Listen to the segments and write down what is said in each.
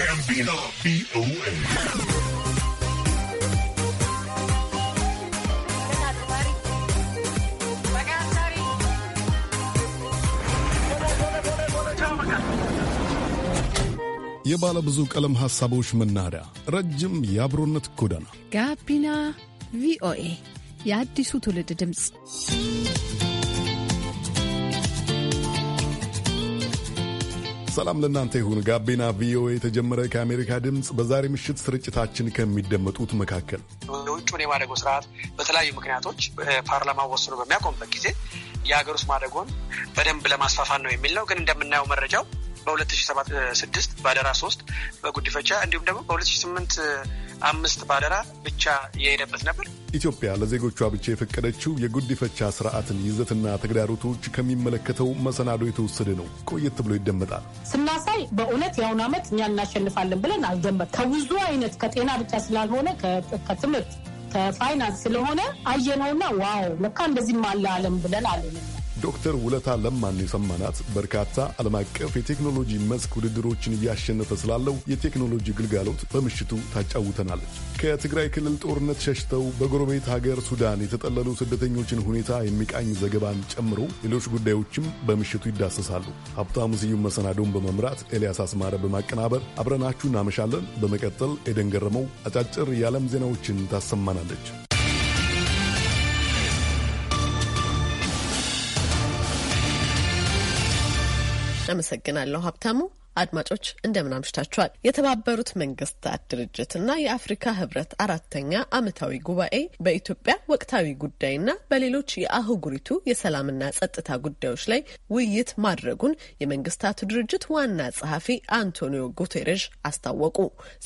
Gambino VOA. የባለ ብዙ ቀለም ሐሳቦች መናኸሪያ፣ ረጅም የአብሮነት ጎዳና፣ ጋቢና ቪኦኤ የአዲሱ ትውልድ ድምፅ ሰላም ለእናንተ ይሁን። ጋቢና ቪኦኤ የተጀመረ ከአሜሪካ ድምፅ በዛሬ ምሽት ስርጭታችን ከሚደመጡት መካከል የውጭውን የማደጎ ስርዓት በተለያዩ ምክንያቶች ፓርላማ ወስኖ በሚያቆምበት ጊዜ የሀገር ውስጥ ማደጎን በደንብ ለማስፋፋት ነው የሚል ነው። ግን እንደምናየው መረጃው በ2006 ባደራ 3 በጉድፈቻ እንዲሁም ደግሞ በ2008 አምስት ባደራ ብቻ የሄደበት ነበር። ኢትዮጵያ ለዜጎቿ ብቻ የፈቀደችው የጉዲፈቻ ስርዓትን ይዘትና ተግዳሮቶች ከሚመለከተው መሰናዶ የተወሰደ ነው። ቆየት ብሎ ይደመጣል። ስናሳይ በእውነት የአሁን ዓመት እኛ እናሸንፋለን ብለን አልደመጥ ከብዙ አይነት ከጤና ብቻ ስላልሆነ ከትምህርት ከፋይናንስ ስለሆነ አየነውና ዋው ለካ እንደዚህ አለ አለም ብለን አለ ዶክተር ውለታ ለማን የሰማናት በርካታ ዓለም አቀፍ የቴክኖሎጂ መስክ ውድድሮችን እያሸነፈ ስላለው የቴክኖሎጂ ግልጋሎት በምሽቱ ታጫውተናለች። ከትግራይ ክልል ጦርነት ሸሽተው በጎረቤት ሀገር ሱዳን የተጠለሉ ስደተኞችን ሁኔታ የሚቃኝ ዘገባን ጨምሮ ሌሎች ጉዳዮችም በምሽቱ ይዳሰሳሉ። ሀብታሙ ስዩም መሰናዶውን በመምራት ኤልያስ አስማረ በማቀናበር አብረናችሁ እናመሻለን። በመቀጠል ኤደን ገረመው አጫጭር የዓለም ዜናዎችን ታሰማናለች። አመሰግናለሁ ሀብታሙ። አድማጮች እንደምን አምሽታችኋል። የተባበሩት መንግስታት ድርጅትና የአፍሪካ ህብረት አራተኛ ዓመታዊ ጉባኤ በኢትዮጵያ ወቅታዊ ጉዳይና በሌሎች የአህጉሪቱ የሰላምና ጸጥታ ጉዳዮች ላይ ውይይት ማድረጉን የመንግስታቱ ድርጅት ዋና ጸሐፊ አንቶኒዮ ጉቴሬዥ አስታወቁ።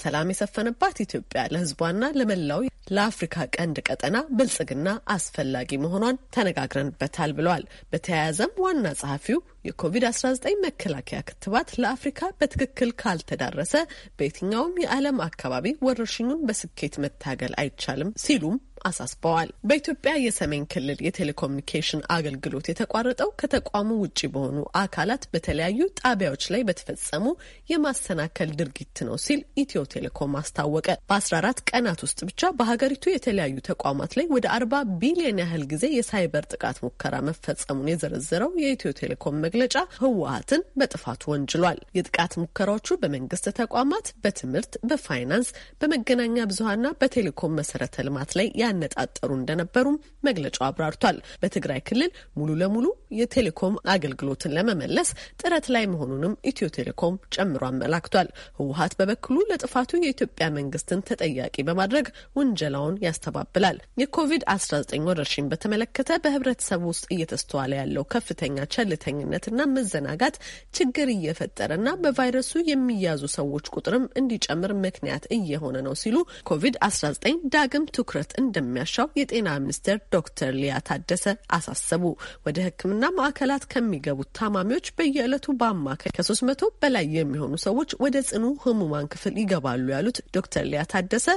ሰላም የሰፈነባት ኢትዮጵያ ለህዝቧና ለመላው ለአፍሪካ ቀንድ ቀጠና ብልጽግና አስፈላጊ መሆኗን ተነጋግረንበታል ብለዋል። በተያያዘም ዋና ጸሐፊው የኮቪድ-19 መከላከያ ክትባት ለአፍሪካ በትክክል ካልተዳረሰ በየትኛውም የዓለም አካባቢ ወረርሽኙን በስኬት መታገል አይቻልም ሲሉም አሳስበዋል። በኢትዮጵያ የሰሜን ክልል የቴሌኮሙኒኬሽን አገልግሎት የተቋረጠው ከተቋሙ ውጭ በሆኑ አካላት በተለያዩ ጣቢያዎች ላይ በተፈጸሙ የማሰናከል ድርጊት ነው ሲል ኢትዮ ቴሌኮም አስታወቀ። በ14 ቀናት ውስጥ ብቻ በሀገሪቱ የተለያዩ ተቋማት ላይ ወደ 40 ቢሊዮን ያህል ጊዜ የሳይበር ጥቃት ሙከራ መፈጸሙን የዘረዘረው የኢትዮ ቴሌኮም መግለጫ ህወሀትን በጥፋቱ ወንጅሏል። የጥቃት ሙከራዎቹ በመንግስት ተቋማት፣ በትምህርት፣ በፋይናንስ፣ በመገናኛ ብዙሀንና በቴሌኮም መሰረተ ልማት ላይ ያ ያነጣጠሩ እንደነበሩም መግለጫው አብራርቷል። በትግራይ ክልል ሙሉ ለሙሉ የቴሌኮም አገልግሎትን ለመመለስ ጥረት ላይ መሆኑንም ኢትዮ ቴሌኮም ጨምሮ አመላክቷል። ህወሀት በበኩሉ ለጥፋቱ የኢትዮጵያ መንግስትን ተጠያቂ በማድረግ ውንጀላውን ያስተባብላል። የኮቪድ-19 ወረርሽኝ በተመለከተ በህብረተሰብ ውስጥ እየተስተዋለ ያለው ከፍተኛ ቸልተኝነትና መዘናጋት ችግር እየፈጠረና በቫይረሱ የሚያዙ ሰዎች ቁጥርም እንዲጨምር ምክንያት እየሆነ ነው ሲሉ ኮቪድ-19 ዳግም ትኩረት እንደ እንደሚያሻው የጤና ሚኒስቴር ዶክተር ሊያ ታደሰ አሳሰቡ። ወደ ሕክምና ማዕከላት ከሚገቡት ታማሚዎች በየዕለቱ በአማካይ ከሶስት መቶ በላይ የሚሆኑ ሰዎች ወደ ጽኑ ህሙማን ክፍል ይገባሉ ያሉት ዶክተር ሊያ ታደሰ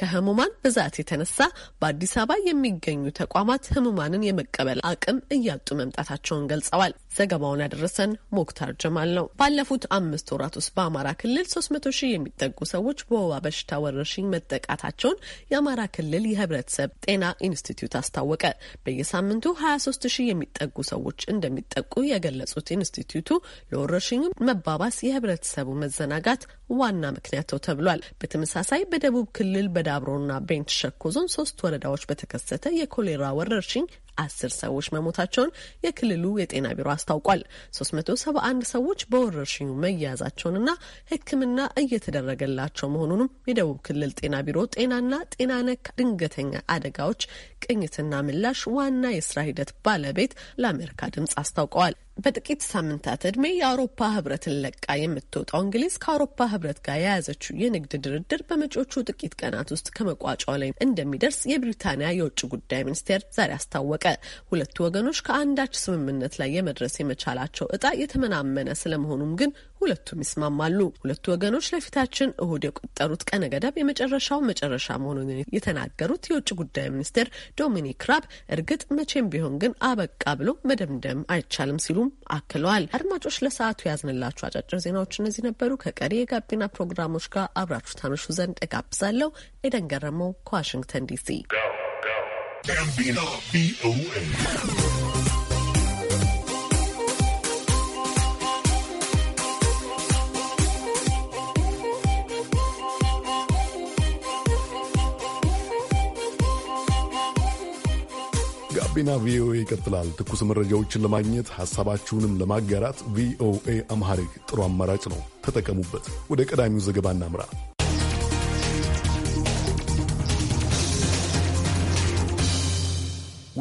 ከህሙማን ብዛት የተነሳ በአዲስ አበባ የሚገኙ ተቋማት ህሙማንን የመቀበል አቅም እያጡ መምጣታቸውን ገልጸዋል። ዘገባውን ያደረሰን ሞክታር ጀማል ነው። ባለፉት አምስት ወራት ውስጥ በአማራ ክልል ሶስት መቶ ሺህ የሚጠጉ ሰዎች በወባ በሽታ ወረርሽኝ መጠቃታቸውን የአማራ ክልል የህብረተሰብ ጤና ኢንስቲትዩት አስታወቀ። በየሳምንቱ ሀያ ሶስት ሺህ የሚጠጉ ሰዎች እንደሚጠቁ የገለጹት ኢንስቲትዩቱ ለወረርሽኙ መባባስ የህብረተሰቡ መዘናጋት ዋና ምክንያት ነው ተብሏል። በተመሳሳይ በደቡብ ክልል በዳብሮና ቤንች ሸኮ ዞን ሶስት ወረዳዎች በተከሰተ የኮሌራ ወረርሽኝ አስር ሰዎች መሞታቸውን የክልሉ የጤና ቢሮ አስታውቋል። 371 ሰዎች በወረርሽኙ መያዛቸውንና ሕክምና እየተደረገላቸው መሆኑንም የደቡብ ክልል ጤና ቢሮ ጤናና ጤና ነክ ድንገተኛ አደጋዎች ቅኝትና ምላሽ ዋና የስራ ሂደት ባለቤት ለአሜሪካ ድምጽ አስታውቀዋል። በጥቂት ሳምንታት እድሜ የአውሮፓ ህብረትን ለቃ የምትወጣው እንግሊዝ ከአውሮፓ ህብረት ጋር የያዘችው የንግድ ድርድር በመጪዎቹ ጥቂት ቀናት ውስጥ ከመቋጫው ላይ እንደሚደርስ የብሪታንያ የውጭ ጉዳይ ሚኒስቴር ዛሬ አስታወቀ። ሁለቱ ወገኖች ከአንዳች ስምምነት ላይ የመድረስ የመቻላቸው እጣ የተመናመነ ስለመሆኑም ግን ሁለቱም ይስማማሉ። ሁለቱ ወገኖች ለፊታችን እሁድ የቆጠሩት ቀነ ገደብ የመጨረሻው መጨረሻ መሆኑን የተናገሩት የውጭ ጉዳይ ሚኒስቴር ዶሚኒክ ራብ እርግጥ መቼም ቢሆን ግን አበቃ ብሎ መደምደም አይቻልም ሲሉ ሲሉም አክለዋል። አድማጮች ለሰዓቱ ያዝንላችሁ አጫጭር ዜናዎች እነዚህ ነበሩ። ከቀሪ የጋቢና ፕሮግራሞች ጋር አብራችሁ ታመሹ ዘንድ እጋብዛለሁ። ኤደን ገረመው ከዋሽንግተን ዲሲ ጋቢና ቪኦኤ ይቀጥላል። ትኩስ መረጃዎችን ለማግኘት ሐሳባችሁንም ለማጋራት ቪኦኤ አምሃሪክ ጥሩ አማራጭ ነው። ተጠቀሙበት። ወደ ቀዳሚው ዘገባ እናምራ።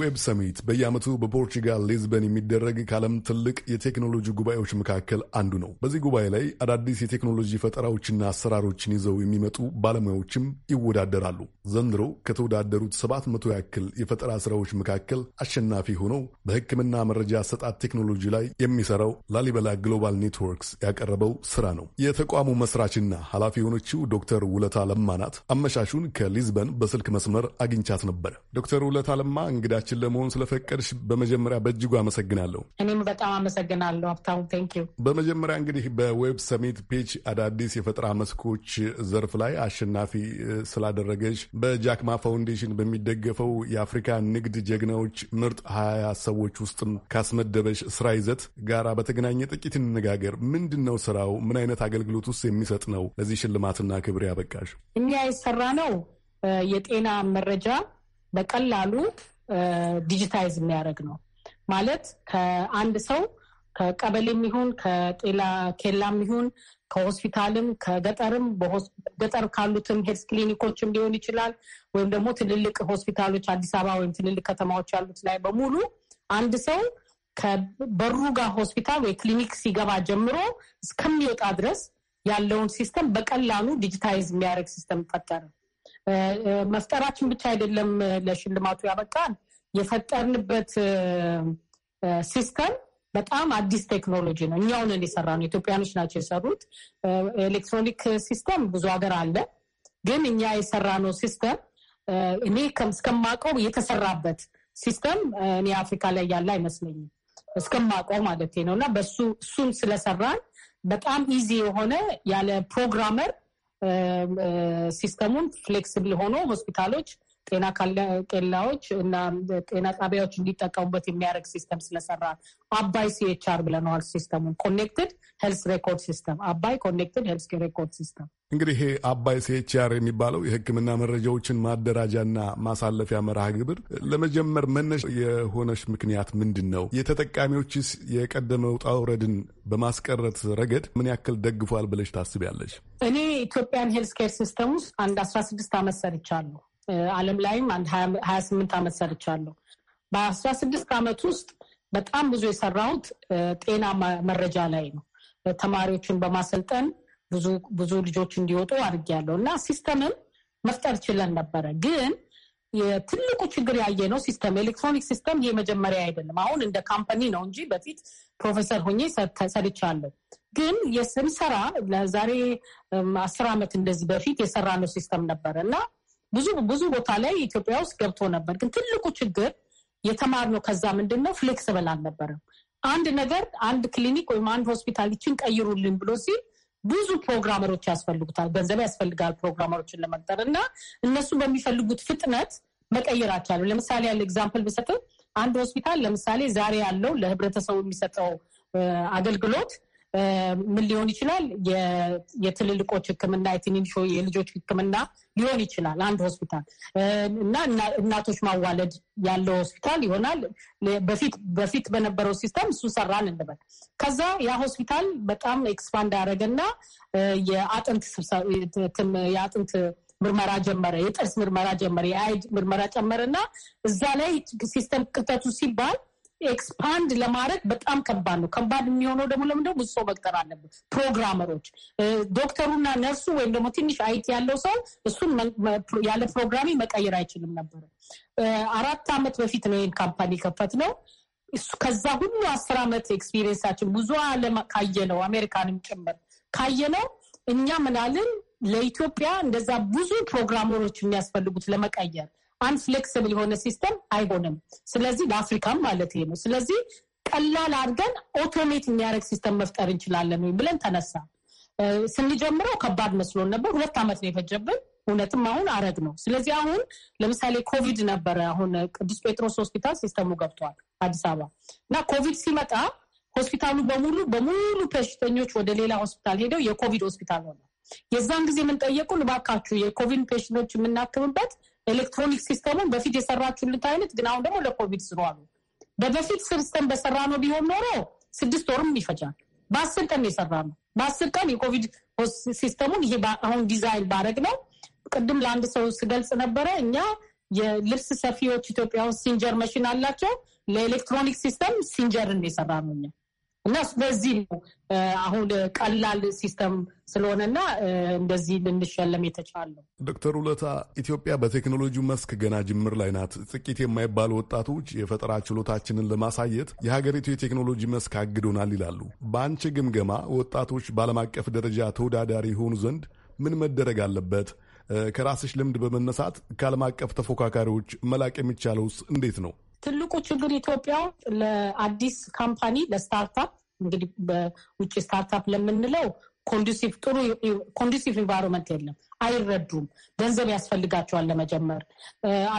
ዌብ ሰሚት በየዓመቱ በፖርቹጋል ሊዝበን የሚደረግ ከዓለም ትልቅ የቴክኖሎጂ ጉባኤዎች መካከል አንዱ ነው። በዚህ ጉባኤ ላይ አዳዲስ የቴክኖሎጂ ፈጠራዎችና አሰራሮችን ይዘው የሚመጡ ባለሙያዎችም ይወዳደራሉ። ዘንድሮ ከተወዳደሩት ሰባት መቶ ያክል የፈጠራ ስራዎች መካከል አሸናፊ ሆነው በሕክምና መረጃ ሰጣት ቴክኖሎጂ ላይ የሚሰራው ላሊበላ ግሎባል ኔትወርክስ ያቀረበው ስራ ነው። የተቋሙ መስራችና ኃላፊ የሆነችው ዶክተር ውለታ ለማ ናት። አመሻሹን ከሊዝበን በስልክ መስመር አግኝቻት ነበር። ዶክተር ውለታ ለማ እንግዳችን እንግዳችን ለመሆን ስለፈቀድሽ በመጀመሪያ በእጅጉ አመሰግናለሁ። እኔም በጣም አመሰግናለሁ ሀብታሙ ዩ። በመጀመሪያ እንግዲህ በዌብ ሰሚት ፔች አዳዲስ የፈጠራ መስኮች ዘርፍ ላይ አሸናፊ ስላደረገች በጃክማ ፋውንዴሽን በሚደገፈው የአፍሪካ ንግድ ጀግናዎች ምርጥ ሀያ ሰዎች ውስጥም ካስመደበሽ ስራ ይዘት ጋራ በተገናኘ ጥቂት እንነጋገር። ምንድን ነው ስራው? ምን አይነት አገልግሎት ውስጥ የሚሰጥ ነው ለዚህ ሽልማትና ክብር ያበቃሽ? እኛ የሰራ ነው የጤና መረጃ በቀላሉ ዲጂታይዝ የሚያደርግ ነው ማለት ከአንድ ሰው ከቀበሌም የሚሆን ከጤላ ኬላም ይሁን ከሆስፒታልም ከገጠርም ገጠር ካሉትም ሄልስ ክሊኒኮችም ሊሆን ይችላል ወይም ደግሞ ትልልቅ ሆስፒታሎች አዲስ አበባ ወይም ትልልቅ ከተማዎች ያሉት ላይ በሙሉ አንድ ሰው ከበሩ ጋር ሆስፒታል ወይ ክሊኒክ ሲገባ ጀምሮ እስከሚወጣ ድረስ ያለውን ሲስተም በቀላሉ ዲጂታይዝ የሚያደርግ ሲስተም ፈጠርን። መፍጠራችን ብቻ አይደለም ለሽልማቱ ያበቃን። የፈጠርንበት ሲስተም በጣም አዲስ ቴክኖሎጂ ነው። እኛው ነን የሰራነው፣ ኢትዮጵያኖች ናቸው የሰሩት። ኤሌክትሮኒክ ሲስተም ብዙ ሀገር አለ፣ ግን እኛ የሰራነው ሲስተም እኔ እስከማውቀው የተሰራበት ሲስተም እኔ አፍሪካ ላይ ያለ አይመስለኝም እስከማውቀው ማለት ነው። እና በሱ እሱን ስለሰራን በጣም ኢዚ የሆነ ያለ ፕሮግራመር ሲስተሙን ፍሌክስብል ሆኖ ሆስፒታሎች ጤና ኬላዎች እና ጤና ጣቢያዎች እንዲጠቀሙበት የሚያደርግ ሲስተም ስለሰራ አባይ ሲኤችአር ብለነዋል። ሲስተሙን ኮኔክትድ ሄልስ ሬኮርድ ሲስተም አባይ ኮኔክትድ ሄልስ ሬኮርድ ሲስተም። እንግዲህ ይሄ አባይ ሲኤችአር የሚባለው የሕክምና መረጃዎችን ማደራጃና ማሳለፊያ መርሃ ግብር ለመጀመር መነሻ የሆነች ምክንያት ምንድን ነው? የተጠቃሚዎችስ የቀደመ ውጣ ውረድን በማስቀረት ረገድ ምን ያክል ደግፏል ብለሽ ታስቢያለሽ? እኔ ኢትዮጵያን ሄልስኬር ሲስተም ውስጥ አንድ አስራ ስድስት ዓመት ሰርቻለሁ። ዓለም ላይም አንድ ሀያ ስምንት ዓመት ሰርቻለሁ። በአስራ ስድስት ዓመት ውስጥ በጣም ብዙ የሰራሁት ጤና መረጃ ላይ ነው። ተማሪዎችን በማሰልጠን ብዙ ብዙ ልጆች እንዲወጡ አድርጌያለሁ እና ሲስተምም መፍጠር ችለን ነበረ። ግን የትልቁ ችግር ያየ ነው ሲስተም ኤሌክትሮኒክ ሲስተም የመጀመሪያ መጀመሪያ አይደለም። አሁን እንደ ካምፓኒ ነው እንጂ በፊት ፕሮፌሰር ሆኜ ሰርቻለሁ። ግን ስራ ለዛሬ አስር ዓመት እንደዚህ በፊት የሰራ ነው ሲስተም ነበረ እና ብዙ ብዙ ቦታ ላይ ኢትዮጵያ ውስጥ ገብቶ ነበር። ግን ትልቁ ችግር የተማርነው ከዛ ምንድን ነው ፍሌክስብል አልነበረም። አንድ ነገር አንድ ክሊኒክ ወይም አንድ ሆስፒታል ይችን ቀይሩልን ብሎ ሲል ብዙ ፕሮግራመሮች ያስፈልጉታል፣ ገንዘብ ያስፈልጋል ፕሮግራመሮችን ለመቅጠር እና እነሱ በሚፈልጉት ፍጥነት መቀየር አልቻለም። ለምሳሌ ያለ ኤግዛምፕል ብሰጥ አንድ ሆስፒታል ለምሳሌ ዛሬ ያለው ለህብረተሰቡ የሚሰጠው አገልግሎት ምን ሊሆን ይችላል? የትልልቆች ሕክምና የትንንሾ የልጆች ሕክምና ሊሆን ይችላል አንድ ሆስፒታል እና እናቶች ማዋለድ ያለው ሆስፒታል ይሆናል። በፊት በፊት በነበረው ሲስተም እሱ ሰራን እንበል። ከዛ ያ ሆስፒታል በጣም ኤክስፓንድ ያደረገና የአጥንት የአጥንት ምርመራ ጀመረ፣ የጥርስ ምርመራ ጀመረ፣ የአይድ ምርመራ ጨመረ እና እዛ ላይ ሲስተም ቅጠቱ ሲባል ኤክስፓንድ ለማድረግ በጣም ከባድ ነው። ከባድ የሚሆነው ደግሞ ለምንደው ብዙ ሰው መቅጠር አለብን። ፕሮግራመሮች፣ ዶክተሩና ነርሱ ወይም ደግሞ ትንሽ አይቲ ያለው ሰው እሱን ያለ ፕሮግራሚ መቀየር አይችልም ነበር። አራት ዓመት በፊት ነው ይህን ካምፓኒ ከፈት ነው። ከዛ ሁሉ አስር ዓመት ኤክስፒሪየንሳችን ብዙ ዓለም ካየነው አሜሪካንም ጭምር ካየነው እኛ ምናልን ለኢትዮጵያ እንደዛ ብዙ ፕሮግራመሮች የሚያስፈልጉት ለመቀየር ፍሌክስብል የሆነ ሲስተም አይሆንም። ስለዚህ ለአፍሪካም ማለት ይሄ ነው። ስለዚህ ቀላል አድርገን ኦቶሜት የሚያደርግ ሲስተም መፍጠር እንችላለን ብለን ተነሳ። ስንጀምረው ከባድ መስሎን ነበር። ሁለት ዓመት ነው የፈጀብን። እውነትም አሁን አረግ ነው። ስለዚህ አሁን ለምሳሌ ኮቪድ ነበረ። አሁን ቅዱስ ጴጥሮስ ሆስፒታል ሲስተሙ ገብቷል አዲስ አበባ እና ኮቪድ ሲመጣ ሆስፒታሉ በሙሉ በሙሉ በሽተኞች ወደ ሌላ ሆስፒታል ሄደው የኮቪድ ሆስፒታል ሆነ። የዛን ጊዜ የምንጠየቁን እባካችሁ የኮቪድ ፔሽንቶች የምናክምበት ኤሌክትሮኒክ ሲስተሙን በፊት የሰራችሁልት አይነት ግን አሁን ደግሞ ለኮቪድ ስሩ አሉ። በበፊት ሲስተም በሰራ ነው ቢሆን ኖሮ ስድስት ወርም ይፈጃል። በአስር ቀን የሰራ ነው። በአስር ቀን የኮቪድ ሲስተሙን ይሄ አሁን ዲዛይን ባረግ ነው። ቅድም ለአንድ ሰው ስገልጽ ነበረ። እኛ የልብስ ሰፊዎች ኢትዮጵያ ውስጥ ሲንጀር መሽን አላቸው። ለኤሌክትሮኒክ ሲስተም ሲንጀርን የሰራ ነው እኛ እና ስለዚህ ነው አሁን ቀላል ሲስተም ስለሆነና እንደዚህ ልንሸለም የተቻለው። ዶክተር ውለታ ኢትዮጵያ በቴክኖሎጂው መስክ ገና ጅምር ላይ ናት። ጥቂት የማይባሉ ወጣቶች የፈጠራ ችሎታችንን ለማሳየት የሀገሪቱ የቴክኖሎጂ መስክ አግዶናል ይላሉ። በአንቺ ግምገማ ወጣቶች በዓለም አቀፍ ደረጃ ተወዳዳሪ የሆኑ ዘንድ ምን መደረግ አለበት? ከራስሽ ልምድ በመነሳት ከዓለም አቀፍ ተፎካካሪዎች መላቅ የሚቻለውስ እንዴት ነው? ትልቁ ችግር ኢትዮጵያ ለአዲስ ካምፓኒ ለስታርታፕ እንግዲህ በውጭ ስታርታፕ ለምንለው ኮንዱሲቭ ጥሩ ኮንዱሲቭ የለም። አይረዱም። ገንዘብ ያስፈልጋቸዋል ለመጀመር።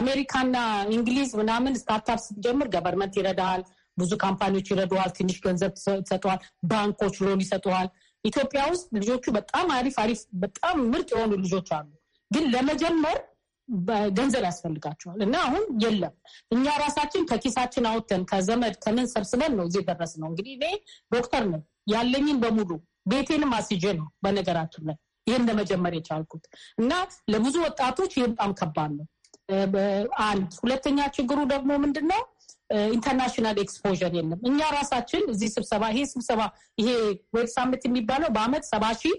አሜሪካና እንግሊዝ ምናምን ስታርታፕ ስትጀምር ገቨርመንት ይረዳሃል፣ ብዙ ካምፓኒዎች ይረዱሃል፣ ትንሽ ገንዘብ ይሰጠዋል፣ ባንኮች ሎን ይሰጠዋል። ኢትዮጵያ ውስጥ ልጆቹ በጣም አሪፍ አሪፍ በጣም ምርጥ የሆኑ ልጆች አሉ፣ ግን ለመጀመር ገንዘብ ያስፈልጋቸዋል እና አሁን የለም። እኛ ራሳችን ከኪሳችን አውጥተን ከዘመድ ከምን ሰብስበን ነው እዚህ ደረስ ነው። እንግዲህ እኔ ዶክተር ነኝ ያለኝን በሙሉ ቤቴንም አስይዤ ነው በነገራችን ላይ ይህን ለመጀመር የቻልኩት እና ለብዙ ወጣቶች ይህ በጣም ከባድ ነው። አንድ ሁለተኛ ችግሩ ደግሞ ምንድን ነው? ኢንተርናሽናል ኤክስፖዠር የለም። እኛ ራሳችን እዚህ ስብሰባ ይሄ ስብሰባ ይሄ ዌብ ሳምንት የሚባለው በአመት ሰባ ሺህ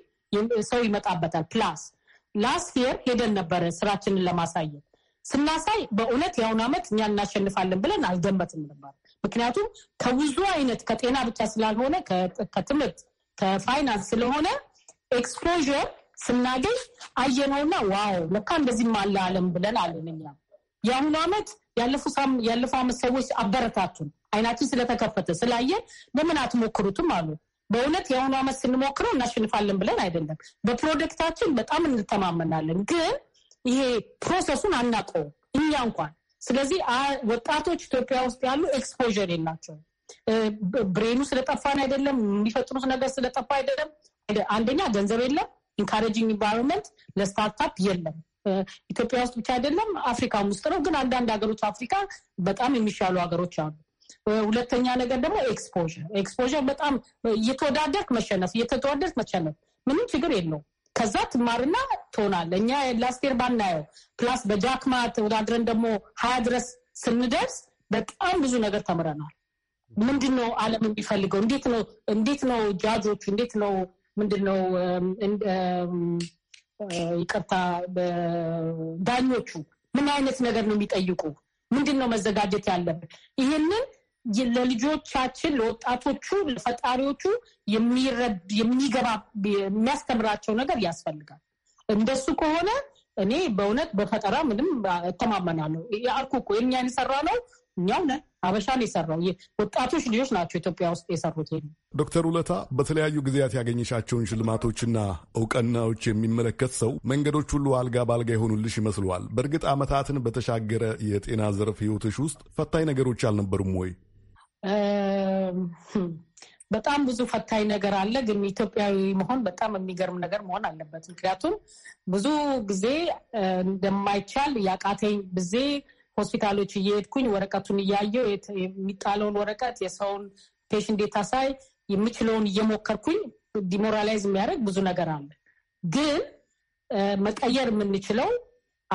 ሰው ይመጣበታል ፕላስ ላስት የር ሄደን ነበረ ስራችንን ለማሳየት ስናሳይ በእውነት የአሁኑ ዓመት እኛ እናሸንፋለን ብለን አልገመትም ነበር። ምክንያቱም ከብዙ አይነት ከጤና ብቻ ስላልሆነ ከትምህርት ከፋይናንስ ስለሆነ ኤክስፖዥር ስናገኝ አየነውና ዋው ለካ እንደዚህም አለ አለም ብለን አለን። እኛ የአሁኑ ዓመት ያለፉ ዓመት ሰዎች አበረታቱን አይናችን ስለተከፈተ ስላየን ለምን አትሞክሩትም አሉ። በእውነት የአሁኑ ዓመት ስንሞክረው እናሸንፋለን ብለን አይደለም። በፕሮደክታችን በጣም እንተማመናለን፣ ግን ይሄ ፕሮሰሱን አናውቀውም እኛ እንኳን። ስለዚህ ወጣቶች ኢትዮጵያ ውስጥ ያሉ ኤክስፖዥር የላቸው ብሬኑ ስለጠፋን አይደለም፣ የሚፈጥሩት ነገር ስለጠፋ አይደለም። አንደኛ ገንዘብ የለም፣ ኢንካሬጂንግ ኢንቫይሮንመንት ለስታርታፕ የለም። ኢትዮጵያ ውስጥ ብቻ አይደለም፣ አፍሪካም ውስጥ ነው። ግን አንዳንድ ሀገሮች አፍሪካ በጣም የሚሻሉ ሀገሮች አሉ። ሁለተኛ ነገር ደግሞ ኤክስፖር ኤክስፖር በጣም እየተወዳደርክ መሸነፍ እየተወዳደርክ መሸነፍ ምንም ችግር የለው። ከዛ ትማርና ትሆናል። እኛ ላስቴር ባናየው ፕላስ በጃክማ ተወዳድረን ደግሞ ሀያ ድረስ ስንደርስ በጣም ብዙ ነገር ተምረናል። ምንድን ነው ዓለም የሚፈልገው? እንዴት ነው እንዴት ነው ጃጆቹ እንዴት ነው ምንድን ነው ይቅርታ፣ ዳኞቹ ምን አይነት ነገር ነው የሚጠይቁ? ምንድን ነው መዘጋጀት ያለብን? ይህንን ለልጆቻችን፣ ለወጣቶቹ፣ ለፈጣሪዎቹ የሚገባ የሚያስተምራቸው ነገር ያስፈልጋል። እንደሱ ከሆነ እኔ በእውነት በፈጠራ ምንም እተማመናለሁ። አልኩ እኮ የእኛን የሰራ ነው እኛው ነን አበሻን የሰራው ወጣቶች ልጆች ናቸው ኢትዮጵያ ውስጥ የሰሩት። ዶክተር ውለታ በተለያዩ ጊዜያት ያገኘሻቸውን ሽልማቶችና እውቅናዎች የሚመለከት ሰው መንገዶች ሁሉ አልጋ ባልጋ የሆኑልሽ ይመስለዋል። በእርግጥ ዓመታትን በተሻገረ የጤና ዘርፍ ሕይወትሽ ውስጥ ፈታኝ ነገሮች አልነበሩም ወይ? Hm፣ በጣም ብዙ ፈታኝ ነገር አለ። ግን ኢትዮጵያዊ መሆን በጣም የሚገርም ነገር መሆን አለበት። ምክንያቱም ብዙ ጊዜ እንደማይቻል ያቃተኝ ብዜ ሆስፒታሎች እየሄድኩኝ ወረቀቱን እያየው የሚጣለውን ወረቀት የሰውን ፔሽን ዴታ ሳይ የምችለውን እየሞከርኩኝ ዲሞራላይዝ የሚያደርግ ብዙ ነገር አለ። ግን መቀየር የምንችለው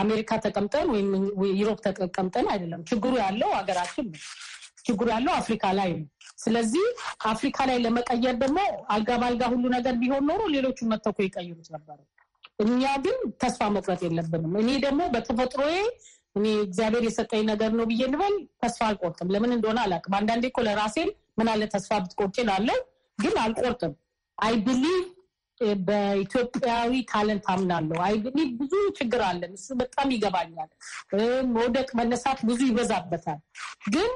አሜሪካ ተቀምጠን ወይም ዩሮፕ ተቀምጠን አይደለም። ችግሩ ያለው ሀገራችን ነው። ችግሩ ያለው አፍሪካ ላይ ነው። ስለዚህ አፍሪካ ላይ ለመቀየር ደግሞ አልጋ ባልጋ ሁሉ ነገር ቢሆን ኖሮ ሌሎቹ መተኮ ይቀይሩት ነበር። እኛ ግን ተስፋ መቁረጥ የለብንም። እኔ ደግሞ በተፈጥሮዬ እኔ እግዚአብሔር የሰጠኝ ነገር ነው ብዬ ንበል ተስፋ አልቆርጥም። ለምን እንደሆነ አላውቅም። አንዳንዴ እኮ ለራሴን ምን አለ ተስፋ ብትቆርጭ ላለው ግን አልቆርጥም። አይ ብሊቭ በኢትዮጵያዊ ታለንት አምናለሁ። አይ ብዙ ችግር አለን፣ እሱ በጣም ይገባኛል። መውደቅ መነሳት ብዙ ይበዛበታል። ግን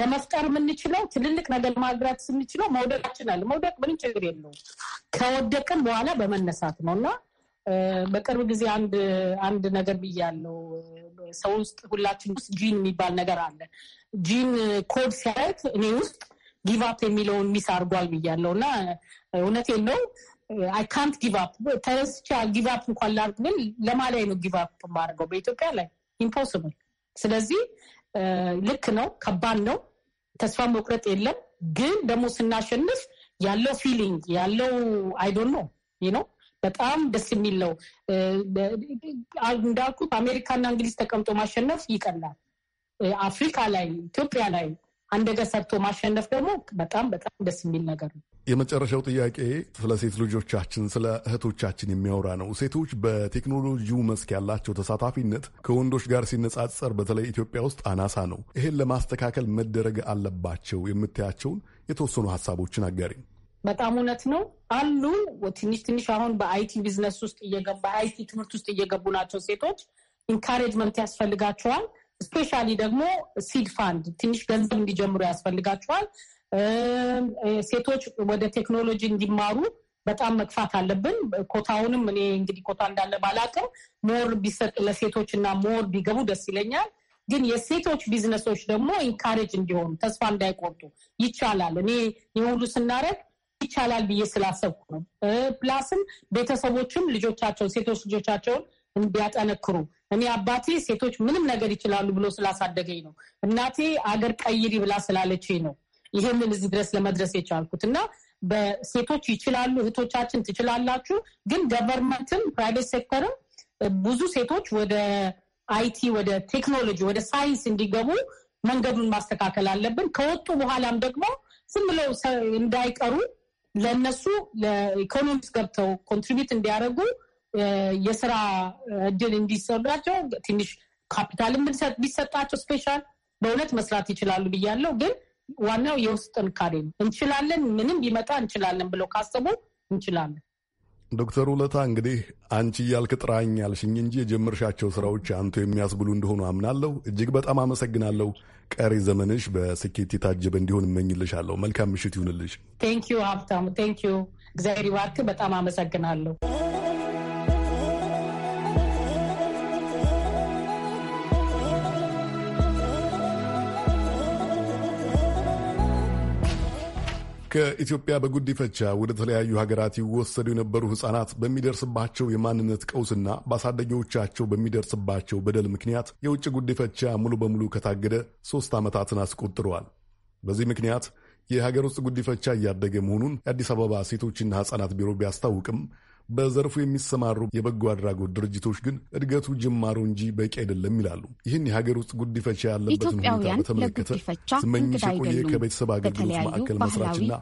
ለመፍጠር የምንችለው ትልልቅ ነገር ማግራት ስንችለው መውደቃችን አለ። መውደቅ ምንም ችግር የለውም። ከወደቅን በኋላ በመነሳት ነው እና በቅርብ ጊዜ አንድ አንድ ነገር ብያለሁ። ሰው ውስጥ ሁላችን ውስጥ ጂን የሚባል ነገር አለ። ጂን ኮድ ሲያየት እኔ ውስጥ ጊቫፕ የሚለውን ሚስ አድርጓል ብያለሁ እና እውነቴን ነው አይ ካንት አፕ ተነስቼ ጊቫፕ እንኳን ግን ለማ ላይ ነው ጊቫፕ ማድርገው በኢትዮጵያ ላይ ኢምፖስብል። ስለዚህ ልክ ነው፣ ከባድ ነው፣ ተስፋ መቁረጥ የለም። ግን ደግሞ ስናሸንፍ ያለው ፊሊንግ ያለው አይዶን ነው ነው በጣም ደስ የሚል ነው። እንዳልኩት አሜሪካና እንግሊዝ ተቀምጦ ማሸነፍ ይቀላል። አፍሪካ ላይ ኢትዮጵያ ላይ አንደገ ሰርቶ ማሸነፍ ደግሞ በጣም በጣም ደስ የሚል ነገር ነው። የመጨረሻው ጥያቄ ስለ ሴት ልጆቻችን፣ ስለ እህቶቻችን የሚያወራ ነው። ሴቶች በቴክኖሎጂው መስክ ያላቸው ተሳታፊነት ከወንዶች ጋር ሲነጻጸር በተለይ ኢትዮጵያ ውስጥ አናሳ ነው። ይህን ለማስተካከል መደረግ አለባቸው የምታያቸውን የተወሰኑ ሀሳቦችን አጋሪ። በጣም እውነት ነው አሉ። ትንሽ ትንሽ አሁን በአይቲ ቢዝነስ ውስጥ በአይቲ ትምህርት ውስጥ እየገቡ ናቸው። ሴቶች ኢንካሬጅመንት ያስፈልጋቸዋል። ስፔሻሊ ደግሞ ሲድ ፋንድ ትንሽ ገንዘብ እንዲጀምሩ ያስፈልጋቸዋል። ሴቶች ወደ ቴክኖሎጂ እንዲማሩ በጣም መግፋት አለብን። ኮታውንም እኔ እንግዲህ ኮታ እንዳለ ባላቅም ሞር ቢሰጥ ለሴቶች እና ሞር ቢገቡ ደስ ይለኛል። ግን የሴቶች ቢዝነሶች ደግሞ ኢንካሬጅ እንዲሆኑ ተስፋ እንዳይቆርጡ ይቻላል። እኔ የሁሉ ስናደርግ ይቻላል ብዬ ስላሰብኩ ነው። ፕላስም ቤተሰቦችም ልጆቻቸውን ሴቶች ልጆቻቸውን እንዲያጠነክሩ እኔ አባቴ ሴቶች ምንም ነገር ይችላሉ ብሎ ስላሳደገኝ ነው። እናቴ አገር ቀይሪ ብላ ስላለችኝ ነው። ይህንን እዚህ ድረስ ለመድረስ የቻልኩት እና በሴቶች ይችላሉ፣ እህቶቻችን ትችላላችሁ። ግን ገቨርንመንትም ፕራይቬት ሴክተርም ብዙ ሴቶች ወደ አይቲ፣ ወደ ቴክኖሎጂ፣ ወደ ሳይንስ እንዲገቡ መንገዱን ማስተካከል አለብን። ከወጡ በኋላም ደግሞ ዝም ብለው እንዳይቀሩ ለእነሱ ለኢኮኖሚስ ገብተው ኮንትሪቢዩት እንዲያደርጉ የስራ እድል እንዲሰራቸው ትንሽ ካፒታል ቢሰጣቸው ስፔሻል በእውነት መስራት ይችላሉ ብያለሁ። ግን ዋናው የውስጥ ጥንካሬ ነው። እንችላለን፣ ምንም ቢመጣ እንችላለን ብለው ካሰቡ እንችላለን። ዶክተር ውለታ እንግዲህ አንቺ እያልክ ጥራኝ ያልሽኝ እንጂ የጀመርሻቸው ስራዎች አንቱ የሚያስብሉ እንደሆኑ አምናለሁ። እጅግ በጣም አመሰግናለሁ። ቀሪ ዘመንሽ በስኬት የታጀበ እንዲሆን እመኝልሻለሁ። መልካም ምሽት ይሁንልሽ። ቴንኪዩ ሀብታሙ፣ ቴንኪዩ። እግዚአብሔር ይባርክ። በጣም አመሰግናለሁ። ከኢትዮጵያ በጉዲፈቻ ወደ ተለያዩ ሀገራት ይወሰዱ የነበሩ ሕጻናት በሚደርስባቸው የማንነት ቀውስና በአሳዳጊዎቻቸው በሚደርስባቸው በደል ምክንያት የውጭ ጉዲፈቻ ሙሉ በሙሉ ከታገደ ሶስት ዓመታትን አስቆጥረዋል። በዚህ ምክንያት የሀገር ውስጥ ጉዲፈቻ እያደገ መሆኑን የአዲስ አበባ ሴቶችና ሕጻናት ቢሮ ቢያስታውቅም በዘርፉ የሚሰማሩ የበጎ አድራጎት ድርጅቶች ግን እድገቱ ጅማሮ እንጂ በቂ አይደለም ይላሉ። ይህን የሀገር ውስጥ ጉዲፈቻ ያለበትን ሁኔታ በተመለከተ ስመኝሽ የቆየ ከቤተሰብ አገልግሎት ማዕከል መስራችና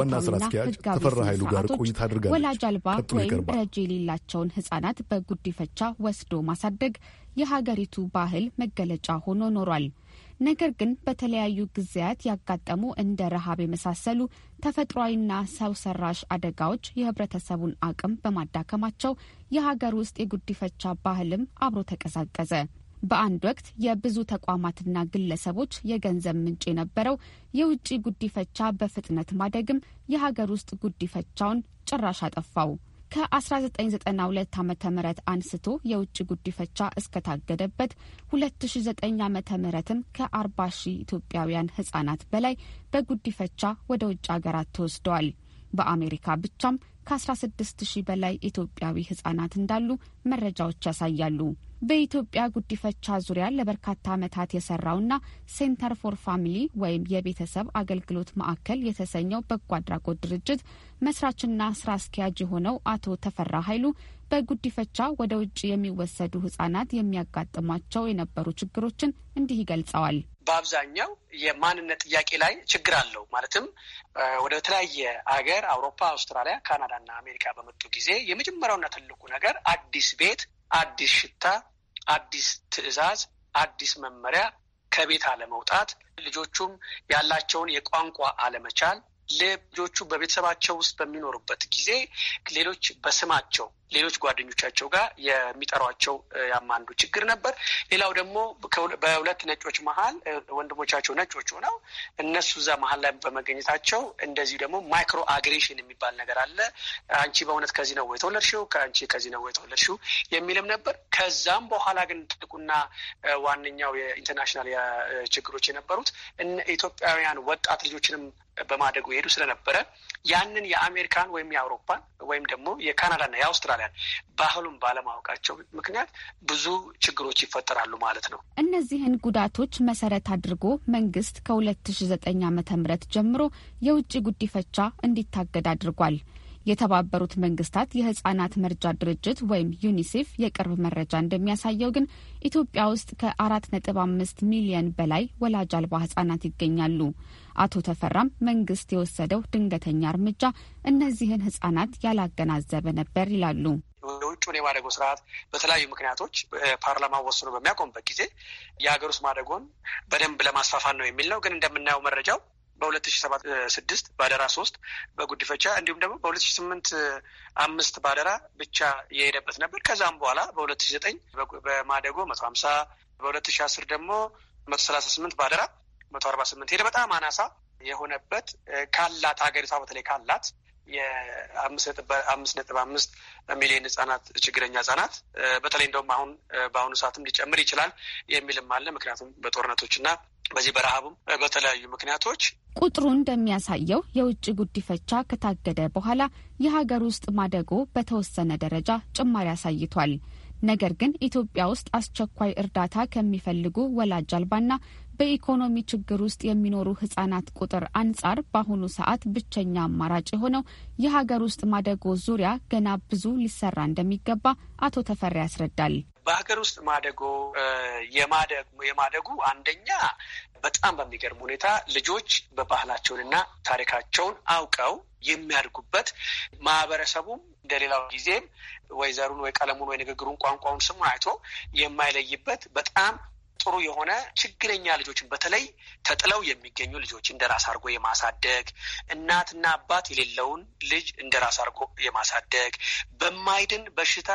ዋና ስራ አስኪያጅ ተፈራ ኃይሉ ጋር ቆይታ አድርጋለች። ወላጅ አልባ ወይም ረጅ የሌላቸውን ህጻናት በጉዲፈቻ ወስዶ ማሳደግ የሀገሪቱ ባህል መገለጫ ሆኖ ኖሯል። ነገር ግን በተለያዩ ጊዜያት ያጋጠሙ እንደ ረሃብ የመሳሰሉ ተፈጥሯዊና ሰው ሰራሽ አደጋዎች የህብረተሰቡን አቅም በማዳከማቸው የሀገር ውስጥ የጉዲፈቻ ባህልም አብሮ ተቀዛቀዘ። በአንድ ወቅት የብዙ ተቋማትና ግለሰቦች የገንዘብ ምንጭ የነበረው የውጭ ጉዲፈቻ በፍጥነት ማደግም የሀገር ውስጥ ጉዲፈቻውን ጭራሽ አጠፋው። ከ1992 ዓ ም አንስቶ የውጭ ጉዲፈቻ እስከታገደበት 2009 ዓ ምም ከ40 ሺህ ኢትዮጵያውያን ህጻናት በላይ በጉዲፈቻ ወደ ውጭ ሀገራት ተወስደዋል። በአሜሪካ ብቻም ከ16 ሺህ በላይ ኢትዮጵያዊ ህጻናት እንዳሉ መረጃዎች ያሳያሉ። በኢትዮጵያ ጉዲፈቻ ዙሪያ ለበርካታ ዓመታት የሰራውና ሴንተር ፎር ፋሚሊ ወይም የቤተሰብ አገልግሎት ማዕከል የተሰኘው በጎ አድራጎት ድርጅት መስራችና ስራ አስኪያጅ የሆነው አቶ ተፈራ ኃይሉ በጉዲፈቻ ወደ ውጭ የሚወሰዱ ህጻናት የሚያጋጥሟቸው የነበሩ ችግሮችን እንዲህ ይገልጸዋል። በአብዛኛው የማንነት ጥያቄ ላይ ችግር አለው። ማለትም ወደ ተለያየ አገር አውሮፓ፣ አውስትራሊያ፣ ና አሜሪካ በመጡ ጊዜ የመጀመሪያውና ትልቁ ነገር አዲስ ቤት፣ አዲስ ሽታ፣ አዲስ ትዕዛዝ፣ አዲስ መመሪያ ከቤት አለመውጣት፣ ልጆቹም ያላቸውን የቋንቋ አለመቻል ልጆቹ በቤተሰባቸው ውስጥ በሚኖሩበት ጊዜ ሌሎች በስማቸው ሌሎች ጓደኞቻቸው ጋር የሚጠሯቸው ያም አንዱ ችግር ነበር። ሌላው ደግሞ በሁለት ነጮች መሀል ወንድሞቻቸው ነጮች ሆነው እነሱ እዛ መሀል ላይ በመገኘታቸው እንደዚሁ ደግሞ ማይክሮ አግሬሽን የሚባል ነገር አለ። አንቺ በእውነት ከዚህ ነው የተወለድሽው፣ ከአንቺ ከዚህ ነው የተወለድሽው የሚልም ነበር። ከዛም በኋላ ግን ትልቁና ዋነኛው የኢንተርናሽናል ችግሮች የነበሩት ኢትዮጵያውያን ወጣት ልጆችንም በማደጉ የሄዱ ስለነበረ ያንን የአሜሪካን ወይም የአውሮፓን ወይም ደግሞ የካናዳና የአውስትራሊያ ኢትዮጵያውያን ባህሉን ባለማወቃቸው ምክንያት ብዙ ችግሮች ይፈጠራሉ ማለት ነው። እነዚህን ጉዳቶች መሰረት አድርጎ መንግስት ከሁለት ሺ ዘጠኝ ዓመተ ጀምሮ የውጭ ጉዲፈቻ እንዲታገድ አድርጓል። የተባበሩት መንግስታት የህጻናት መርጃ ድርጅት ወይም ዩኒሴፍ የቅርብ መረጃ እንደሚያሳየው ግን ኢትዮጵያ ውስጥ ከአራት ነጥብ አምስት ሚሊየን በላይ ወላጅ አልባ ህጻናት ይገኛሉ። አቶ ተፈራም መንግስት የወሰደው ድንገተኛ እርምጃ እነዚህን ህጻናት ያላገናዘበ ነበር ይላሉ። የውጭን የማደጎ ስርዓት በተለያዩ ምክንያቶች ፓርላማ ወስኖ በሚያቆምበት ጊዜ የሀገር ውስጥ ማደጎን በደንብ ለማስፋፋት ነው የሚል ነው። ግን እንደምናየው መረጃው በሁለት ሺ ሰባት ስድስት ባደራ ሶስት በጉድፈቻ እንዲሁም ደግሞ በሁለት ሺ ስምንት አምስት ባደራ ብቻ የሄደበት ነበር። ከዛም በኋላ በሁለት ሺ ዘጠኝ በማደጎ መቶ ሀምሳ በሁለት ሺ አስር ደግሞ መቶ ሰላሳ ስምንት ባደራ መቶ አርባ ስምንት ሄደ። በጣም አናሳ የሆነበት ካላት ሀገሪቷ በተለይ ካላት የአምስት ነጥብ አምስት ሚሊዮን ህጻናት ችግረኛ ህጻናት በተለይ እንደውም አሁን በአሁኑ ሰዓትም ሊጨምር ይችላል የሚልም አለ። ምክንያቱም በጦርነቶችና በዚህ በረሃቡም በተለያዩ ምክንያቶች ቁጥሩ እንደሚያሳየው የውጭ ጉዲፈቻ ከታገደ በኋላ የሀገር ውስጥ ማደጎ በተወሰነ ደረጃ ጭማሪ አሳይቷል። ነገር ግን ኢትዮጵያ ውስጥ አስቸኳይ እርዳታ ከሚፈልጉ ወላጅ አልባና በኢኮኖሚ ችግር ውስጥ የሚኖሩ ህጻናት ቁጥር አንጻር በአሁኑ ሰዓት ብቸኛ አማራጭ የሆነው የሀገር ውስጥ ማደጎ ዙሪያ ገና ብዙ ሊሰራ እንደሚገባ አቶ ተፈሪ ያስረዳል። በሀገር ውስጥ ማደጎ የማደጉ አንደኛ በጣም በሚገርም ሁኔታ ልጆች በባህላቸውንና ታሪካቸውን አውቀው የሚያድጉበት ማህበረሰቡም እንደ ሌላው ጊዜም ወይዘሩን ወይ ቀለሙን ወይ ንግግሩን ቋንቋውን ስሙ አይቶ የማይለይበት በጣም ጥሩ የሆነ ችግረኛ ልጆችን በተለይ ተጥለው የሚገኙ ልጆች እንደ ራስ አድርጎ የማሳደግ እናትና አባት የሌለውን ልጅ እንደ ራስ አድርጎ የማሳደግ በማይድን በሽታ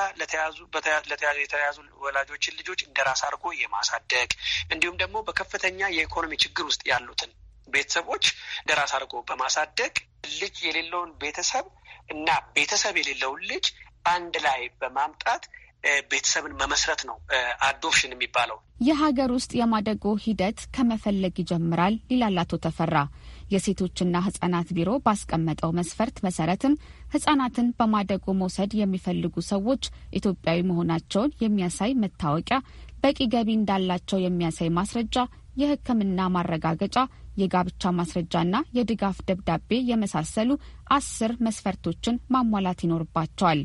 የተያዙ ወላጆችን ልጆች እንደ ራስ አድርጎ የማሳደግ እንዲሁም ደግሞ በከፍተኛ የኢኮኖሚ ችግር ውስጥ ያሉትን ቤተሰቦች እንደ ራስ አድርጎ በማሳደግ ልጅ የሌለውን ቤተሰብ እና ቤተሰብ የሌለውን ልጅ አንድ ላይ በማምጣት ቤተሰብን መመስረት ነው አዶፕሽን የሚባለው። የሀገር ውስጥ የማደጎ ሂደት ከመፈለግ ይጀምራል ይላል አቶ ተፈራ። የሴቶችና ህጻናት ቢሮ ባስቀመጠው መስፈርት መሰረትም ህጻናትን በማደጎ መውሰድ የሚፈልጉ ሰዎች ኢትዮጵያዊ መሆናቸውን የሚያሳይ መታወቂያ፣ በቂ ገቢ እንዳላቸው የሚያሳይ ማስረጃ፣ የህክምና ማረጋገጫ፣ የጋብቻ ማስረጃና የድጋፍ ደብዳቤ የመሳሰሉ አስር መስፈርቶችን ማሟላት ይኖርባቸዋል።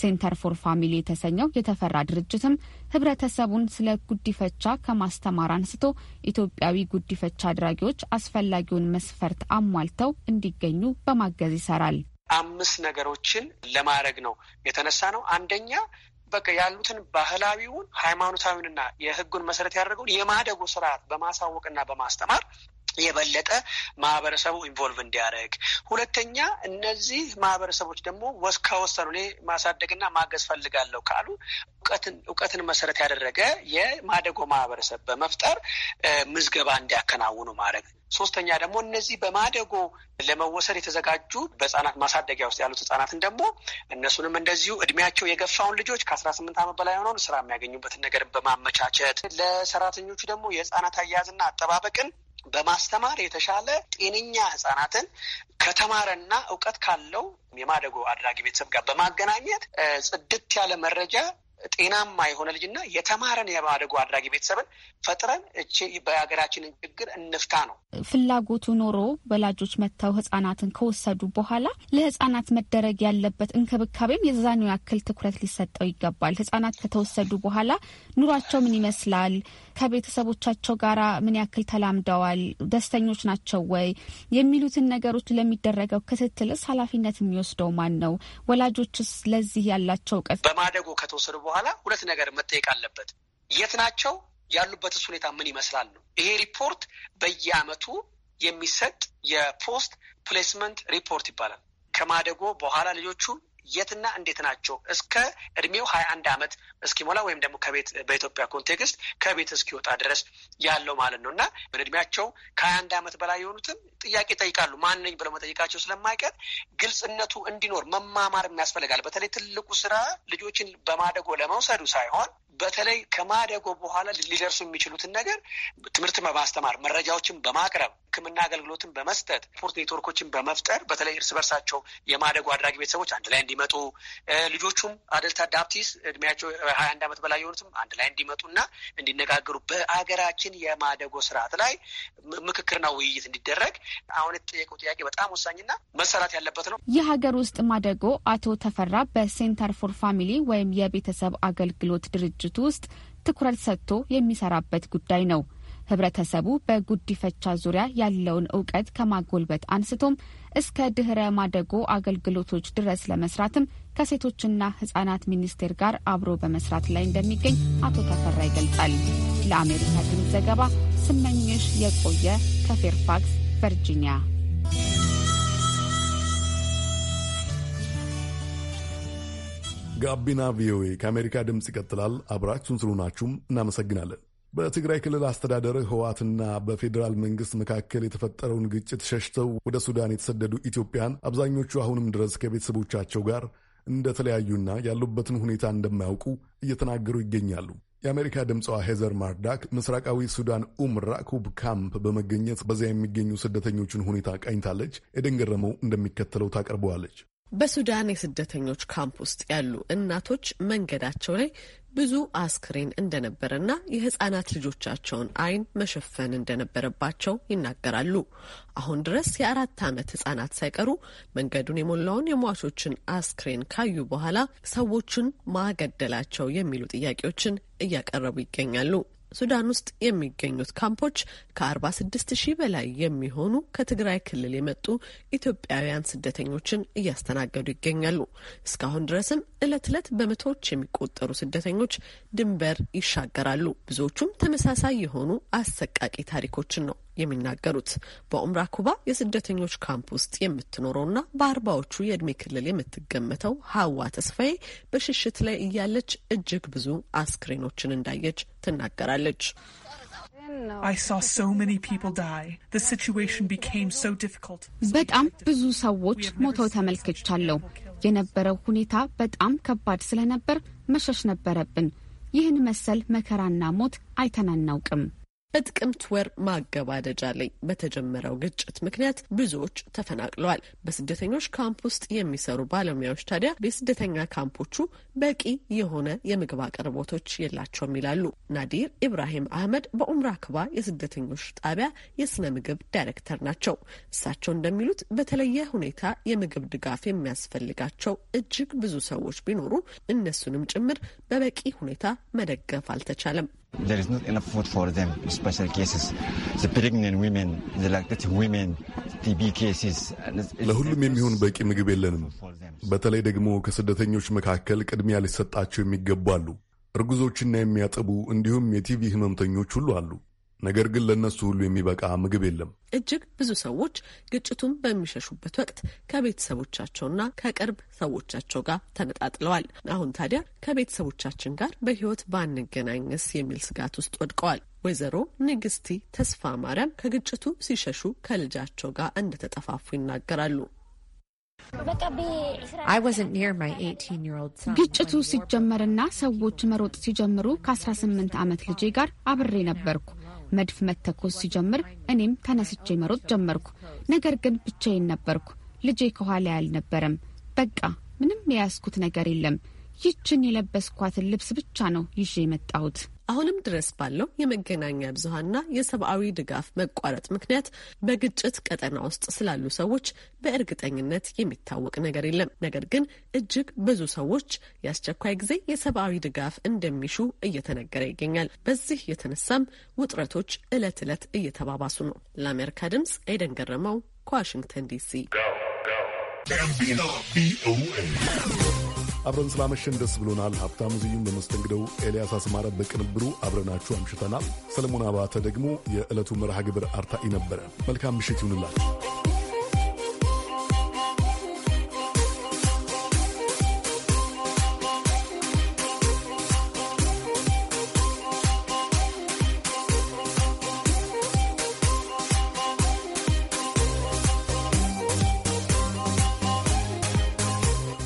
ሴንተር ፎር ፋሚሊ የተሰኘው የተፈራ ድርጅትም ህብረተሰቡን ስለ ጉዲፈቻ ከማስተማር አንስቶ ኢትዮጵያዊ ጉዲፈቻ አድራጊዎች አስፈላጊውን መስፈርት አሟልተው እንዲገኙ በማገዝ ይሰራል። አምስት ነገሮችን ለማድረግ ነው የተነሳ ነው። አንደኛ በቃ ያሉትን ባህላዊውን ሃይማኖታዊውንና የህጉን መሰረት ያደረገውን የማደጎ ስርዓት በማሳወቅና በማስተማር የበለጠ ማህበረሰቡ ኢንቮልቭ እንዲያደርግ፣ ሁለተኛ እነዚህ ማህበረሰቦች ደግሞ ወስ ከወሰኑ እኔ ማሳደግና ማገዝ ፈልጋለሁ ካሉ እውቀትን እውቀትን መሰረት ያደረገ የማደጎ ማህበረሰብ በመፍጠር ምዝገባ እንዲያከናውኑ ማድረግ ሶስተኛ ደግሞ እነዚህ በማደጎ ለመወሰድ የተዘጋጁ በህጻናት ማሳደጊያ ውስጥ ያሉት ህጻናትን ደግሞ እነሱንም እንደዚሁ እድሜያቸው የገፋውን ልጆች ከአስራ ስምንት ዓመት በላይ የሆነውን ስራ የሚያገኙበትን ነገር በማመቻቸት ለሰራተኞቹ ደግሞ የህጻናት አያያዝና አጠባበቅን በማስተማር የተሻለ ጤነኛ ህጻናትን ከተማረና እውቀት ካለው የማደጎ አድራጊ ቤተሰብ ጋር በማገናኘት ጽድት ያለ መረጃ ጤናማ የሆነ ልጅና የተማረን የማደጎ አድራጊ ቤተሰብን ፈጥረን እች በሀገራችንን ችግር እንፍታ ነው ፍላጎቱ ኖሮ ወላጆች መጥተው ህጻናትን ከወሰዱ በኋላ ለህጻናት መደረግ ያለበት እንክብካቤም የዛኑ ያክል ትኩረት ሊሰጠው ይገባል። ህጻናት ከተወሰዱ በኋላ ኑሯቸው ምን ይመስላል? ከቤተሰቦቻቸው ጋር ምን ያክል ተላምደዋል፣ ደስተኞች ናቸው ወይ የሚሉትን ነገሮች ለሚደረገው ክትትልስ ኃላፊነት የሚወስደው ማን ነው? ወላጆችስ ለዚህ ያላቸው እውቀት በማደጎ ከተወሰዱ በኋላ ሁለት ነገር መጠየቅ አለበት። የት ናቸው? ያሉበትስ ሁኔታ ምን ይመስላል ነው። ይሄ ሪፖርት በየአመቱ የሚሰጥ የፖስት ፕሌስመንት ሪፖርት ይባላል። ከማደጎ በኋላ ልጆቹ የትና እንዴት ናቸው እስከ እድሜው ሀያ አንድ ዓመት እስኪሞላ ወይም ደግሞ ከቤት በኢትዮጵያ ኮንቴክስት ከቤት እስኪወጣ ድረስ ያለው ማለት ነው እና በእድሜያቸው ከሀያ አንድ ዓመት በላይ የሆኑትን ጥያቄ ይጠይቃሉ። ማን ነኝ ብለው መጠየቃቸው ስለማይቀር ግልጽነቱ እንዲኖር መማማር ያስፈልጋል። በተለይ ትልቁ ስራ ልጆችን በማደጎ ለመውሰዱ ሳይሆን በተለይ ከማደጎ በኋላ ሊደርሱ የሚችሉትን ነገር ትምህርትን በማስተማር መረጃዎችን በማቅረብ ሕክምና አገልግሎትን በመስጠት ፖርት ኔትወርኮችን በመፍጠር በተለይ እርስ በርሳቸው የማደጎ አድራጊ ቤተሰቦች አንድ ላይ እንዲ እንዲመጡ ልጆቹም አደልት አዳፕቲስ እድሜያቸው ሀያ አንድ አመት በላይ የሆኑትም አንድ ላይ እንዲመጡና እንዲነጋገሩ በአገራችን የማደጎ ስርዓት ላይ ምክክርና ውይይት እንዲደረግ አሁን የተጠየቀው ጥያቄ በጣም ወሳኝና መሰራት ያለበት ነው። የሀገር ውስጥ ማደጎ አቶ ተፈራ በሴንተር ፎር ፋሚሊ ወይም የቤተሰብ አገልግሎት ድርጅት ውስጥ ትኩረት ሰጥቶ የሚሰራበት ጉዳይ ነው። ህብረተሰቡ በጉዲፈቻ ዙሪያ ያለውን እውቀት ከማጎልበት አንስቶም እስከ ድህረ ማደጎ አገልግሎቶች ድረስ ለመስራትም ከሴቶችና ህጻናት ሚኒስቴር ጋር አብሮ በመስራት ላይ እንደሚገኝ አቶ ተፈራ ይገልጻል። ለአሜሪካ ድምፅ ዘገባ ስመኝሽ የቆየ ከፌርፋክስ ቨርጂኒያ። ጋቢና ቪኦኤ ከአሜሪካ ድምፅ ይቀጥላል። አብራችሁን ስለሆናችሁም እናመሰግናለን። በትግራይ ክልል አስተዳደር ህወሓትና በፌዴራል መንግስት መካከል የተፈጠረውን ግጭት ሸሽተው ወደ ሱዳን የተሰደዱ ኢትዮጵያን አብዛኞቹ አሁንም ድረስ ከቤተሰቦቻቸው ጋር እንደተለያዩና ያሉበትን ሁኔታ እንደማያውቁ እየተናገሩ ይገኛሉ። የአሜሪካ ድምፅዋ ሄዘር ማርዳክ ምስራቃዊ ሱዳን ኡም ራኩብ ካምፕ በመገኘት በዚያ የሚገኙ ስደተኞችን ሁኔታ ቃኝታለች። ኤደን ገረመው እንደሚከተለው ታቀርበዋለች። በሱዳን የስደተኞች ካምፕ ውስጥ ያሉ እናቶች መንገዳቸው ላይ ብዙ አስክሬን እንደነበረና የህጻናት ልጆቻቸውን አይን መሸፈን እንደነበረባቸው ይናገራሉ። አሁን ድረስ የአራት ዓመት ህጻናት ሳይቀሩ መንገዱን የሞላውን የሟቾችን አስክሬን ካዩ በኋላ ሰዎችን ማገደላቸው የሚሉ ጥያቄዎችን እያቀረቡ ይገኛሉ። ሱዳን ውስጥ የሚገኙት ካምፖች ከ46 ሺህ በላይ የሚሆኑ ከትግራይ ክልል የመጡ ኢትዮጵያውያን ስደተኞችን እያስተናገዱ ይገኛሉ። እስካሁን ድረስም እለት እለት በመቶዎች የሚቆጠሩ ስደተኞች ድንበር ይሻገራሉ። ብዙዎቹም ተመሳሳይ የሆኑ አሰቃቂ ታሪኮችን ነው የሚናገሩት። በኡምራ ኩባ የስደተኞች ካምፕ ውስጥ የምትኖረውና በአርባዎቹ የእድሜ ክልል የምትገመተው ሀዋ ተስፋዬ በሽሽት ላይ እያለች እጅግ ብዙ አስክሬኖችን እንዳየች ትናገራለች። በጣም ብዙ ሰዎች ሞተው ተመልክቻለሁ። የነበረው ሁኔታ በጣም ከባድ ስለነበር መሸሽ ነበረብን። ይህን መሰል መከራና ሞት አይተን አናውቅም። በጥቅምት ወር ማገባደጃ ላይ በተጀመረው ግጭት ምክንያት ብዙዎች ተፈናቅለዋል። በስደተኞች ካምፕ ውስጥ የሚሰሩ ባለሙያዎች ታዲያ የስደተኛ ካምፖቹ በቂ የሆነ የምግብ አቅርቦቶች የላቸውም ይላሉ። ናዲር ኢብራሂም አህመድ በኡምራ ክባ የስደተኞች ጣቢያ የስነ ምግብ ዳይሬክተር ናቸው። እሳቸው እንደሚሉት በተለየ ሁኔታ የምግብ ድጋፍ የሚያስፈልጋቸው እጅግ ብዙ ሰዎች ቢኖሩ እነሱንም ጭምር በበቂ ሁኔታ መደገፍ አልተቻለም። ለሁሉም የሚሆን በቂ ምግብ የለንም። በተለይ ደግሞ ከስደተኞች መካከል ቅድሚያ ሊሰጣቸው የሚገቡ አሉ። እርጉዞችና የሚያጠቡ እንዲሁም የቲቪ ህመምተኞች ሁሉ አሉ። ነገር ግን ለእነሱ ሁሉ የሚበቃ ምግብ የለም። እጅግ ብዙ ሰዎች ግጭቱን በሚሸሹበት ወቅት ከቤተሰቦቻቸውና ከቅርብ ሰዎቻቸው ጋር ተነጣጥለዋል። አሁን ታዲያ ከቤተሰቦቻችን ጋር በሕይወት ባንገናኘስ የሚል ስጋት ውስጥ ወድቀዋል። ወይዘሮ ንግስቲ ተስፋ ማርያም ከግጭቱ ሲሸሹ ከልጃቸው ጋር እንደተጠፋፉ ይናገራሉ። ግጭቱ ሲጀመርና ሰዎች መሮጥ ሲጀምሩ ከ18 ዓመት ልጄ ጋር አብሬ ነበርኩ። መድፍ መተኮስ ሲጀምር እኔም ተነስቼ መሮጥ ጀመርኩ። ነገር ግን ብቻዬን ነበርኩ። ልጄ ከኋላ ያልነበረም። በቃ ምንም የያዝኩት ነገር የለም። ይችን የለበስኳትን ልብስ ብቻ ነው ይዤ የመጣሁት። አሁንም ድረስ ባለው የመገናኛ ብዙሀንና የሰብአዊ ድጋፍ መቋረጥ ምክንያት በግጭት ቀጠና ውስጥ ስላሉ ሰዎች በእርግጠኝነት የሚታወቅ ነገር የለም። ነገር ግን እጅግ ብዙ ሰዎች የአስቸኳይ ጊዜ የሰብአዊ ድጋፍ እንደሚሹ እየተነገረ ይገኛል። በዚህ የተነሳም ውጥረቶች እለት ዕለት እየተባባሱ ነው። ለአሜሪካ ድምጽ ኤደን ገረመው ከዋሽንግተን ዲሲ አብረን ስላመሸን ደስ ብሎናል። ሀብታሙ ዝዩን በመስተንግደው፣ ኤልያስ አስማረ በቅንብሩ አብረናችሁ አምሽተናል። ሰለሞን አባተ ደግሞ የዕለቱ መርሃ ግብር አርታኢ ነበረ። መልካም ምሽት ይሁንላችሁ።